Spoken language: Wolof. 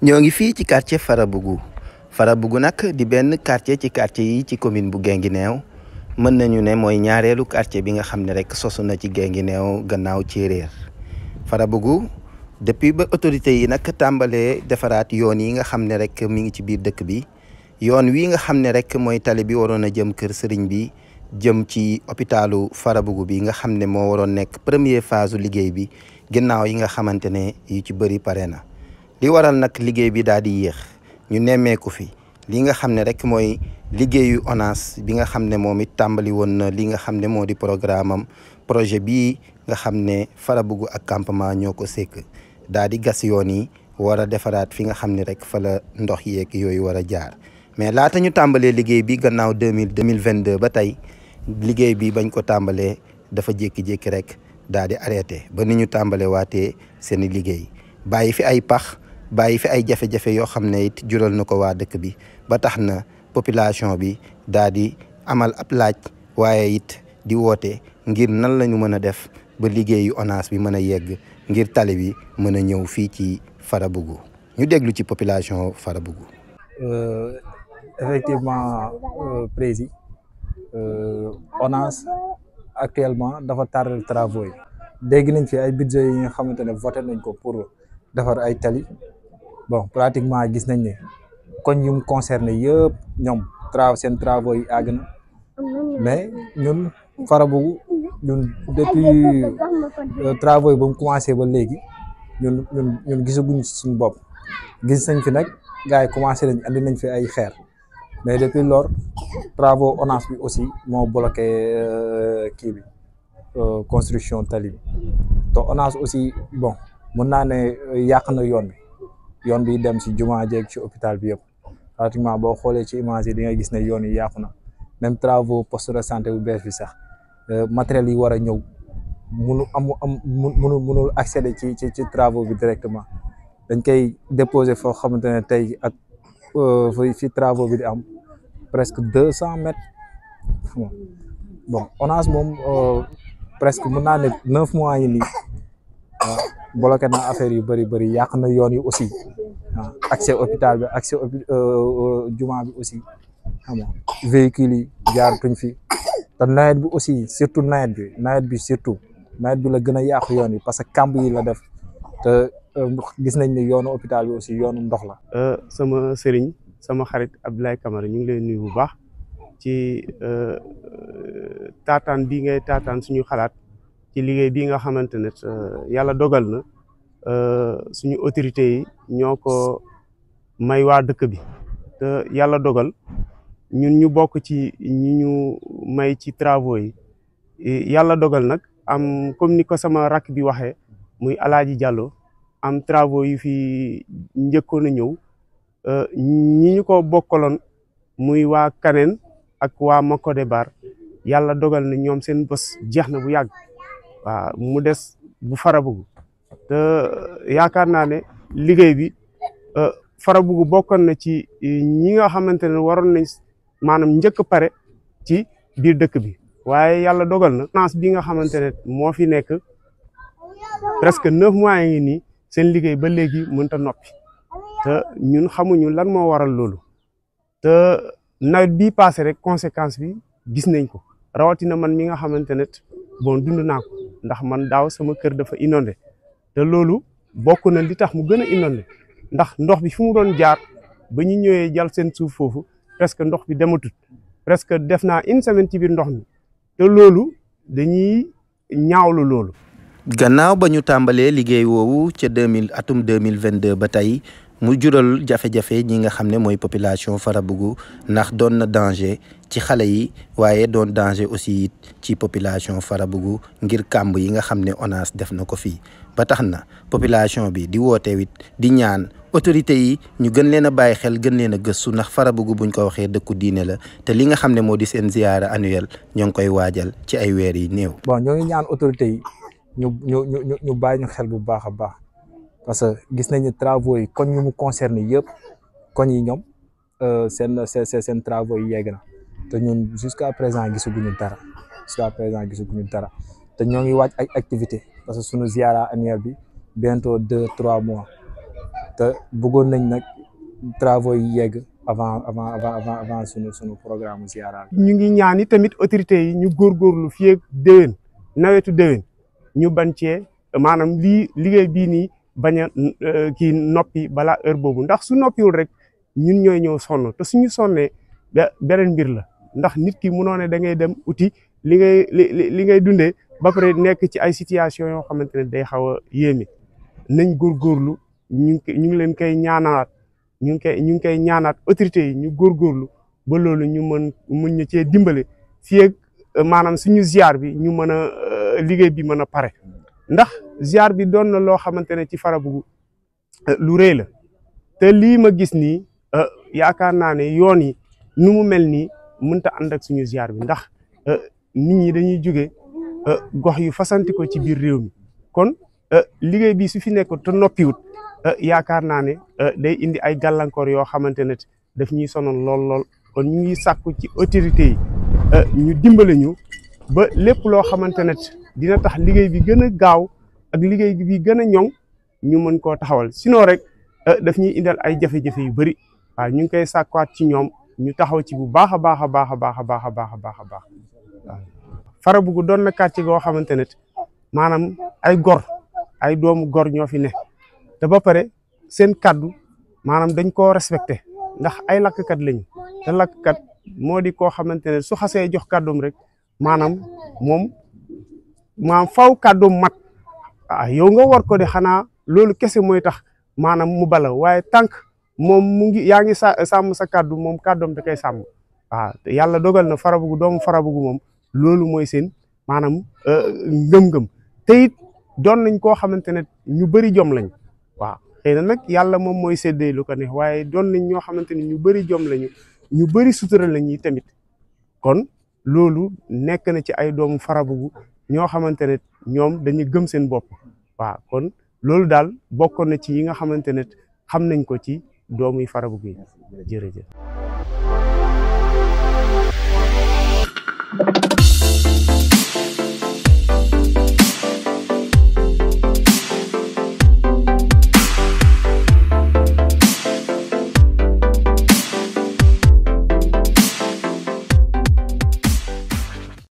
ñoo ngi fii ci quartier Farabougou Farabougou nag di benn quartier ci quartier yi ci commune bu Guinguinéo mën nañu ne mooy ñaareelu quartier bi nga xam ne rek sosu na ci Guinguinéo gannaaw Thiréer Farabougou depuis ba autorités yi nag tàmbalee defaraat yoon yi nga xam ne rek mi ngi ci biir dëkk bi yoon wi nga xam ne rek mooy tali bi waroon a jëm kër sëriñ bi jëm ci hôpitalu Farabougou bi nga xam ne moo waroon nekk premier phase liggéey bi ginnaaw yi nga xamante ne yu ci bëri pare na li waral nag liggéey bi daal di yéex ñu nemmeeku fi li nga xam ne rek mooy liggéeyu ONAS bi nga xam ne moom it tàmbali woon na li nga xam ne moo di programme am projet bi nga xam ne Farabougou ak campement ñoo ko sekk daal di gas yoon yi war a defaraat fi nga xam ne rek fala ndox yeeg yooyu war a jaar mais laata ñu tàmbalee liggéey bi gannaaw deux mille deux mille vingt deux ba tey liggéey bi bañ ko tàmbalee dafa jékki-jékki rek daal di arrêté ba nu ñu tàmbale waatee seen liggéey bàyyi fi ay pax bàyyi fi ay jafe-jafe yoo xam ne it jural na ko waa dëkk bi ba tax na population bi daa di amal ab laaj waaye it di woote ngir nan lañu ñu mën a def ba liggéeyu ONAS bi mën a yegg ngir tali bi mën a ñëw fii ci Farabougou ñu déglu ci population Farabougou. Euh, effectivement euh, prési euh, ONAS actuellement dafa tardé travaux yi. dégg nañ fi ay budget yi nga xamante ne voté nañ ko pour defar ay tali bon pratiquement gis nañ ne koñ yu conserne concerné ñoom tra seen travaux yi àgg na mais ñun Farabougou ñun depuis euh, travaux yi ba mu commencé ba léegi ñun ñun ñun gisaguñ suñu bopp gis nañ fi nag gars yi commencé nañ andi nañ fi ay xeer mais depuis lors travaux ONAS bi aussi moo bloqué euh, kii bi euh, construction tali bi te ONAS aussi bon mën naa ne yàq na yoon bi yoon bi dem si jumaa jeeg ci hôpital bi yëpp pratiquement boo xoolee ci image yi di nga gis ne yoon yi yàqu na même travaux poste de santé bu bees bi sax euh, matériels yi war a ñëw munu amu am munu munul accéder ci ci ci travaux bi directement dañ koy déposer foo xamante ne tey ak euh, fi travaux bi di am presque deux cent mètres bon ONAS moom euh, presque mën naa ne mois yi nii bloqué na affaire yu bëri bëri yàq na yoon yi aussi waaw accès hôpital bi accès euh, euh, jumaa bi aussi xam nga véhicules yi fi te nawet bi aussi surtout nawet bi nawet bi surtout nawet bi la gën a yàqu yoon yi parce que kàmb yi la def te euh, gis nañ ni yoonu hôpital bi aussi yoonu ndox la. sama sëriñ sama xarit Abdoulaye Camara ñu ngi lay nuyu bu baax ci taataan bii ngay taataan suñu xalaat. ci liggéey bii nga xamante ne euh, yàlla dogal na euh, suñu autorité yi ñoo ko may waa dëkk bi te yàlla dogal ñun ñu bokk ci ñi ñu may ci travaux yi yàlla dogal nag am comme ni ko sama rakk bi waxee muy Alaaji Diallo am travaux yu fi njëkkoon a ñëw euh, ñi ñu ko bokkaloon muy waa Kaneen ak waa Makodé Bar yàlla dogal na ñoom seen bés jeex na bu yàgg waaw mu des bu Farabugu te euh, yaakaar naa ne liggéey bi euh, Farabugu bokkoon na ci euh, ñi nga xamante ne waroon nañ maanaam njëkk pare ci biir dëkk bi waaye yàlla dogal na nance bi nga xamante ne moo fi nekk presque neuf mois yi ngi nii seen liggéey ba léegi mënut a noppi te ñun xamuñu lan moo waral loolu te nawet bii passé rek conséquence bi gis nañ ko rawatina man mi nga xamante ne bon dund naa ndax man daaw sama kër dafa inondé te loolu bokk na li tax mu gën a inondé ndax ndox bi fu mu doon jaar ba ñu ñëwee jal seen suuf foofu presque ndox bi dematut presque def naa une semaine ci biir ndox mi te loolu dañuy ñaawlu loolu. gannaaw ba ñu tàmbalee liggéey woowu ca deux mille atum deux mille vingt-deux ba tey. mu jural jafe-jafe ñi nga xam ne mooy population Farabougou ndax doon na danger ci xale yi waaye doon danger aussi it ci population Farabougou ngir kàmb yi nga xam ne ONAS def na ko fii ba tax na population bi di woote wit di ñaan autorité yi ñu gën leen a bàyyi xel gën leen a gëstu ndax Farabougou buñ ko waxee dëkku diine la te li nga xam ne moo di seen ziyaara annuel ñoo ngi koy waajal ci ay weer yi néew. ñu ñu ñu ñu ñu xel bu baax a baax. parce que gis nañu travaux yi koñ yu mu concerné yëpp koñ yi ñoom euh, seen seen seen travaux yi yegg na te ñun a présent gisaguñu dara jusqu'à présent gisaguñu dara te ñoo ngi waaj ay activité parce que suñu ziara annuelle bi bientôt deux trois mois te bëggoon nañ nag travaux yi yegg avant avant avant avant suñu suñu programme ziara bi. ñu ngi ñaani tamit autorités yi ñu góorgóorlu fii ak déwén nawetu déwén ñu ban cee lii liggéey bii bañ a euh, kii noppi balaa heure boobu ndax su noppiwul rek ñun ñooy ñëw sonn te suñu sonnee beneen mbir la ndax nit ki mënoo ne da ngay dem uti li ngay li li ngay dundee ba pare nekk ci ay situation yoo xamante ne day xaw a yéeme nañ góorgóorlu ñu ngi ñu ngi leen koy ñaanaat ñu ngi koy ñu ngi koy ñaanaat autorités yi ñu góorgóorlu ba loolu ñu mën mën ñu cee dimbale fii ak maanaam suñu ziar bi ñu mën a euh, liggéey bi mën a pare ndax ziar bi doon na loo xamante ne ci Farabougou euh, lu rëy la te lii ma gis nii euh, yaakaar naa ne yoon yi nu mu mel nii mënta ànd ak suñu ziar bi ndax euh, nit ñi dañuy jóge gox yu fasanti ci biir réew mi kon liggéey bi su fi nekk te noppiwut yaakaar naa ne day indi ay gàllankoor yoo xamante ne daf ñuy sonal lool lool kon ñu ngi sàkku ci autorité yi ñu dimbale ñu ba lépp loo xamante ne dina tax liggéey bi gën a gaaw ak liggéey bi gën a ñoŋ ñu mën koo taxawal sinoo rek eh, daf ñuy indal ay jafe-jafe yu bëri ñu ngi koy sàkkuwaat ci ñoom ñu taxaw ci bu baax a baax a baax a baax a baax a baax a baax a baax waaw Farabougou doon na ci goo xamante ne maanaam ay gor ay doomu gor ñoo fi ne te ba pare seen kaddu maanaam dañ koo respecté ndax ay lakkkat lañu te lakkkat moo di koo xamante ne su xasee jox kàddum rek maanaam moom maam faw kàddu mat ah yow nga war ko de xanaa loolu kese mooy tax maanaam mu bala waaye tànk moom mu ngi yaa ngi sa sàmm sa kàddu moom kàddoom da koy sàmm ah, te yàlla dogal na farabugu doomu farabugu moom loolu mooy seen maanaam euh, ngëm-ngëm te it doon nañ koo xamante ne ñu bëri jom lañ waaw xëy na nag yàlla moom mooy séddee lu ko neex waaye doon nañ ñoo xamante ni ñu bëri jom lañu ñu bëri sutura lañuy tamit kon loolu nekk na ci ay doomu farabugu ñoo xamante ne ñoom dañuy gëm seen bopp waaw kon loolu daal bokkoon na ci yi nga xamante ne xam nañ ko ci doomuy Farabugi jërëjëf